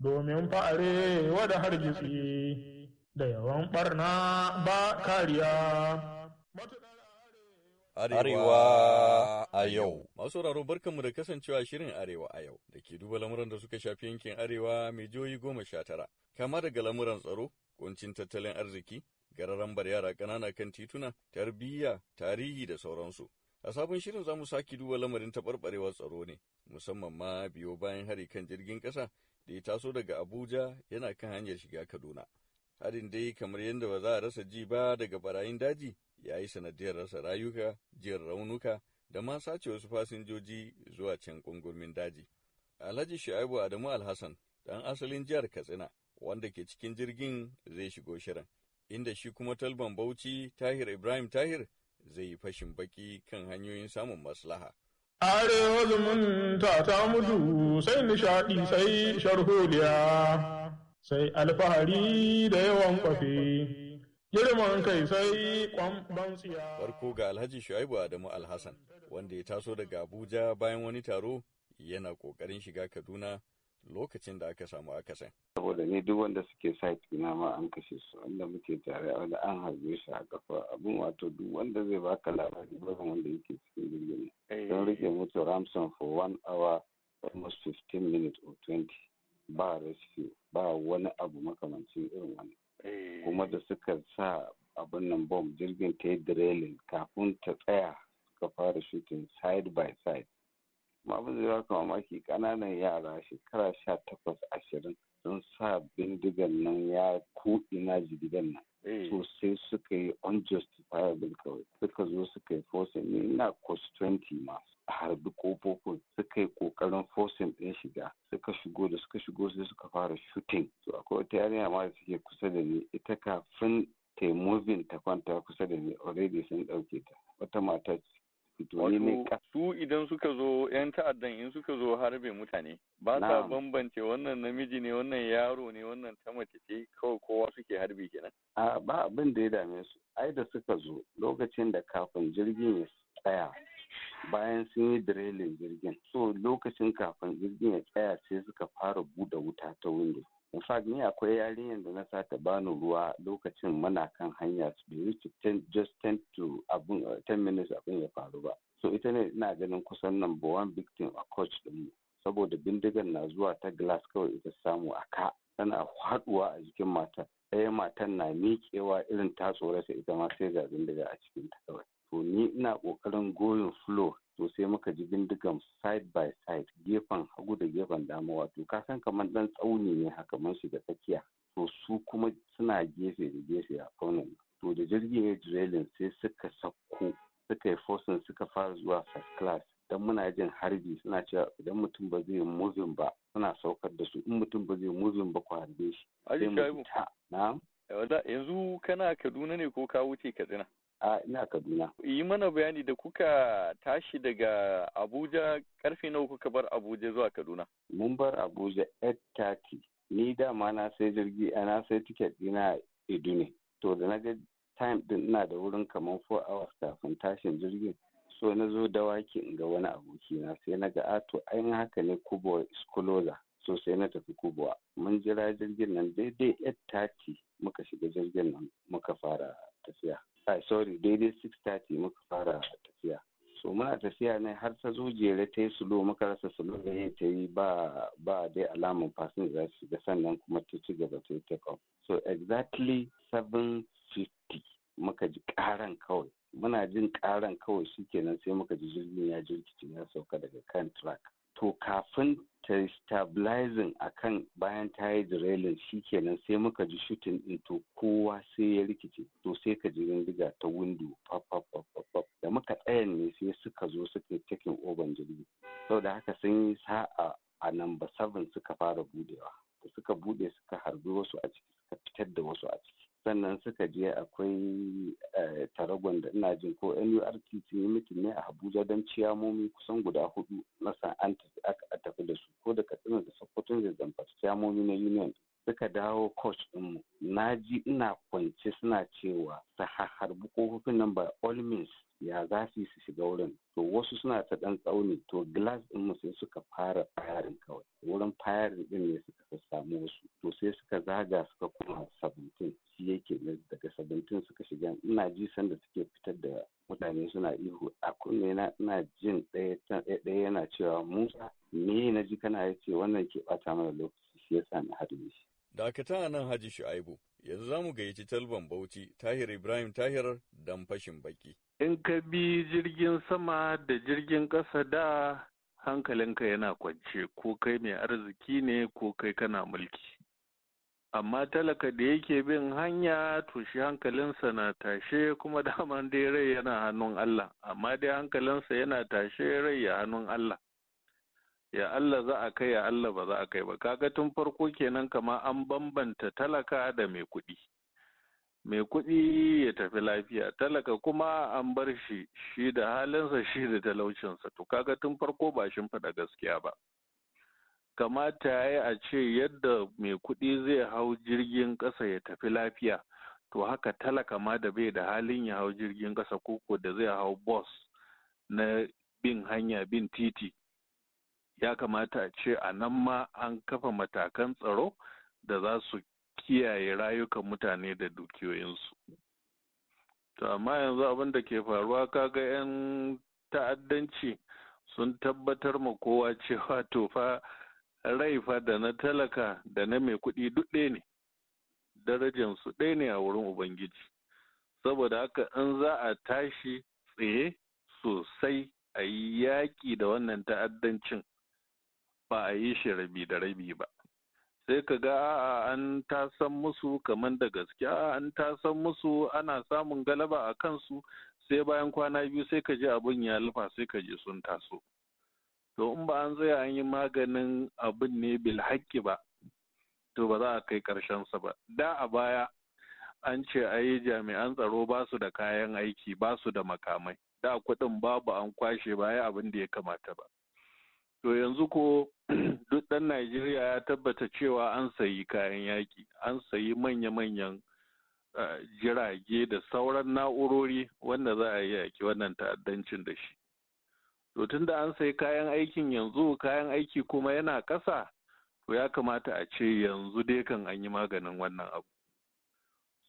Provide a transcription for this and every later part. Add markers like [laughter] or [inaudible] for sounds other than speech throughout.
domin fa'are wada hargitsi da yawan ɓarna ba kariya. Arewa a yau. Masu raro barkanmu da kasancewa shirin Arewa a yau da ke duba lamuran da suka shafi yankin Arewa mai joyi goma sha tara. Kama daga lamuran tsaro, kuncin tattalin arziki, gararan bar yara ƙanana kan tituna, tarbiyya, tarihi da sauransu. A sabon shirin za mu sake duba lamarin taɓarɓarewar tsaro ne, musamman ma biyo bayan hari kan jirgin ƙasa da ya taso daga Abuja yana kan hanyar shiga Kaduna. Harin dai kamar yadda ba za a rasa ji ba daga barayin daji ya yi sanadiyar rasa rayuka, jiyar raunuka da ma sace wasu fasinjoji zuwa can ƙungurmin daji. Alhaji Shu'aibu Adamu Alhassan, ɗan asalin jihar Katsina, wanda ke cikin jirgin zai shigo shirin, inda shi kuma Talban Bauchi Tahir Ibrahim Tahir zai yi fashin baki kan hanyoyin samun maslaha. Arewa zumunta ta mutu sai nishaɗi sai sharholiya sai alfahari da yawan kwafi. Girman kai sai kwamban tsiya. Farko ga Alhaji Shu'aibu Adamu Alhassan wanda ya taso daga Abuja bayan wani taro yana ƙoƙarin shiga Kaduna lokacin da aka samu akasin. Saboda ni duk wanda suke site ina ma an kashe su wanda muke tare wanda an harbe shi a kafa abin wato duk wanda zai baka labari barin wanda yake cikin jirgin. Eh. Don rike mutu Ramson for one hour almost 15 minutes or 20 ba rescue ba wani abu makamancin irin wani. Eh. Kuma da suka sa abin nan bom jirgin ta yi kafin ta tsaya ka fara shooting side by side. abin zai baka mamaki ƙananan yara shekara sha takwas ashirin sun sa bindigan nan ya ko ina jigidan nan sosai eh. suka yi unjustifiable kawai suka zo suka yi forcing ne ina 20 ma a harbi kofofin suka yi kokarin forcing din shiga suka shigo da suka shigo sai suka fara shooting to akwai wata yarinya ma da suke kusa da ni ita kafin ta yi moving ta kwanta kusa da ni already sun ɗauke ta wata mata su idan suka zo yan ta'addan in suka zo harbe mutane ba sa bambance wannan namiji ne wannan yaro ne wannan ta mace ce kawai kowa suke harbe kenan a ba abin da ya dame su ai da suka zo lokacin da kafin jirgin ya tsaya bayan sun yi direlin jirgin so lokacin kafin jirgin ya tsaya sai suka fara buɗe wuta ta windo in fact ni akwai yarinyar da na sa bani ruwa lokacin mana kan hanya bai wuce just ten to abun uh, ten minutes abun ya faru ba so ita ne ina ganin kusan number one victim a coach din saboda bindigar na zuwa ta glass kawai ita samu a ka tana haduwa a jikin matar ɗaya matan na miƙewa irin ta tsorata ita ma sai ga bindiga a cikin ta kawai to ni ina ƙoƙarin goyon flow to sai muka ji bindigan side by side gefen hagu da gefen dama wato kasan kamar dan tsauni ne haka man shiga tsakiya to su kuma suna gefe da gefe a kaunin to da jirgin ya jirelin sai suka sakko suka yi fosin suka fara zuwa first class dan muna jin harbi suna cewa idan mutum ba zai muzin ba suna saukar da su in mutum ba zai muzin ba ku harbe shi sai mu ta na'am eh, yanzu kana kaduna ne ko ka wuce katsina a ina kaduna yi mana bayani da kuka tashi daga abuja karfe nawa kuka bar abuja zuwa kaduna mun bar abuja 8:30 ni dama na sai jirgi ana sai tiket dina idu ne to da na ga time din ina da wurin kamar 4 hours kafin tashin jirgin so na zo da in ga wani aboki na sai na ga ato ainihin haka ne kubo iskoloza so sai na tafi kubowa mun jira jirgin nan daidai 8:30 muka shiga jirgin nan muka fara tafiya a sorry daidai thirty muka fara tafiya so muna tafiya ne har ta zo jere ta yi sulo muka rasa sulo da yi ta yi ba ba dai alamun fasin za su shiga sannan kuma ta ci gaba ta yi so exactly seven fifty muka ji karan kawai muna jin karan kawai shi shikenan sai muka ji jirgin ya jirkice ya sauka daga kan track to kafin ta stabilizing a kan bayan ta yi dirailin shi kenan sai muka ji shooting din to kowa sai ya rikice to sai ka ji rindiga ta windo papapapapap da muka tsayan ne sai suka zo suka yi oban jirgi saboda haka sun yi sa'a a number 7 suka fara budewa da suka bude suka harbi wasu a ciki suka fitar da wasu a ciki sannan suka je akwai eh, taragon da ina jin ko sun yi mitin ne a abuja don ciyamomi kusan guda hudu na sa'anta aka tafi da su ko da katsina da sokoto da zamfara ciyamomi na union suka dawo coach ɗinmu na ji ina kwance suna cewa su harbi kofofin nan ba all means ya za su shiga wurin to wasu suna ta dan tsauni to glass mu sai suka fara firing kawai wurin firing din ne suka samu wasu to sai suka zaga suka kuma 17 gaskiya kenan daga saba'in suka shiga ina ji sanda suke fitar da mutane suna ihu a kunne na ina jin ɗaya yana cewa musa me na ji kana ya ce wannan ke bata mana lokaci shi yasa na haɗu shi. dakata nan haji shu'aibu yanzu za mu gayyaci talban bauchi tahir ibrahim tahir dan fashin baki. in ka bi jirgin sama da jirgin ƙasa da hankalinka yana kwance ko kai mai arziki ne ko kai kana mulki. amma talaka da yake bin hanya to shi hankalinsa na tashe kuma [laughs] daman dai rai yana hannun Allah amma dai hankalinsa yana tashe rai ya hannun Allah ya Allah za a kai ya Allah ba za a kai ba kaga tun farko kenan kama an bambanta talaka da mai kuɗi mai kuɗi ya tafi lafiya talaka kuma an bar shi shi da halinsa shi da talaucinsa to kaga tun farko ba shin faɗa gaskiya ba kamata ya yi a ce yadda mai kuɗi zai hau jirgin ƙasa ya tafi lafiya to haka talaka ma da bai da halin ya hau jirgin ƙasa koko da zai hau bus na bin hanya bin titi ya kamata a ce a nan ma an kafa matakan tsaro da za su kiyaye rayukan mutane da dukiyoyinsu to amma yanzu abin da ke faruwa kaga 'yan ta'addanci sun tabbatar ma kowa [laughs] cewa to fa rai fa da na talaka da na mai kuɗi duk ɗaya ne darajan su ɗaya ne a wurin ubangiji saboda haka in za a tashi tsaye sosai a yi yaƙi da wannan ta'addancin ba a yi shi rabi da rabi ba sai ka ga a'a an san musu kamar da gaske a'a an san musu ana samun galaba a kansu sai bayan kwana biyu sai ka ji abin ya lufa sai ka ji sun taso to in ba an zaya an yi maganin abin ne bil haƙƙi ba to ba za a kai ƙarshensa ba da a baya an ce a yi jami'an tsaro ba su da kayan aiki ba su da makamai da kuɗin babu an kwashe ba ya abin da ya kamata ba to yanzu ko [clears throat] duk ɗan najeriya ya tabbata cewa an sayi kayan yaƙi an sayi manya-manyan eh, jirage da sauran na'urori wanda za a yi yaƙi wannan ta'addancin da shi to da an sai kayan aikin yanzu kayan aiki kuma yana ƙasa to ya kamata a ce yanzu dai kan an yi maganin wannan abu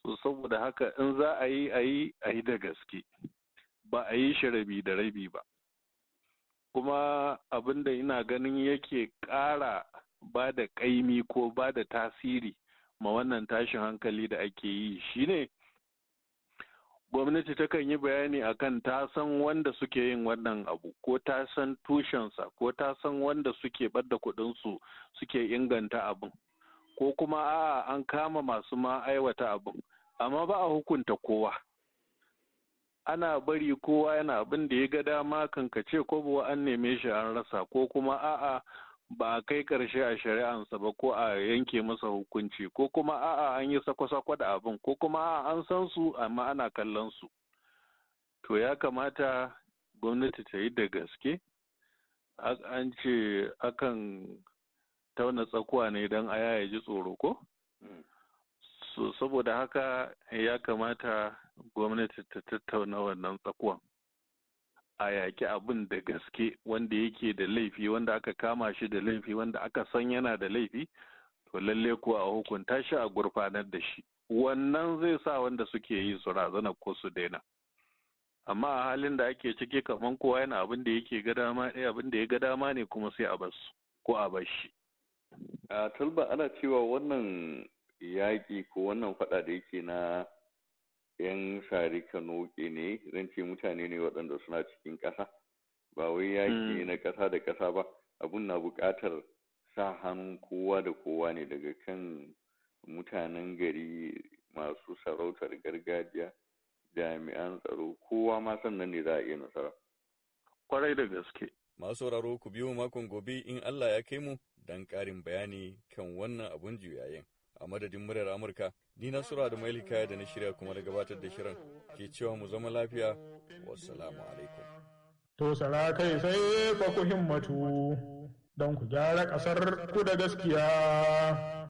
so saboda haka in za a yi a yi a yi da gaske ba a yi shi rabi da rabi ba kuma abin da ina ganin yake ƙara ba da ƙaimi ko ba da tasiri ma wannan tashin hankali da ake yi shine gwamnati takan yi bayani akan ta san wanda suke yin wannan abu ko ta san tushensa ko ta san wanda suke ɓadda kudinsu suke inganta abin ko kuma a'a an kama masu ma aiwata abin amma ba a hukunta kowa ana bari kowa yana abin da ya ga dama kankace ko buwa an neme shi an rasa ko kuma a'a ba a kai karshe a shari'ansa ba ko a yanke masa hukunci ko kuma a'a an yi sako-sako da abin ko kuma a'a an san su amma ana kallon su to ya kamata gwamnati ta yi da gaske an ce akan tauna tsakuwa ne don a ya ji tsoro ko mm. saboda haka ya kamata gwamnati ta tattauna wannan tsakuwan a yaƙi abin da gaske wanda yake da laifi wanda aka kama shi da laifi wanda aka san yana da laifi to lalle kuwa a hukunta shi a gurfanar da shi wannan zai sa wanda suke yi su razana ko su daina amma a halin da ake ciki kaman kowa yana abin da yake ga dama ɗaya eh, abin da ya ga dama ne kuma sai a bar su ko a bar shi a talba ana cewa wannan yaƙi ko wannan faɗa da yake na 'yan sari kano ne zan ce mutane ne waɗanda suna cikin ƙasa ba wai yaƙi hmm. na ƙasa da ƙasa ba abun na buƙatar sa hannun kowa da kowa ne daga kan mutanen gari masu sarautar gargajiya jami'an tsaro kowa ma sannan ne za a iya nasara kwarai da gaske masu sauraro ku biyo makon gobe in Allah ya kai mu don ƙarin bayani kan wannan abun juyayen a madadin muryar Amurka. Ni na Sura da kaya da na shirya kuma da gabatar da shirin ke cewa mu zama lafiya. Wassalamu alaikum. To sarakai sai ba ku himmatu don ku gyara ƙasar ku da gaskiya.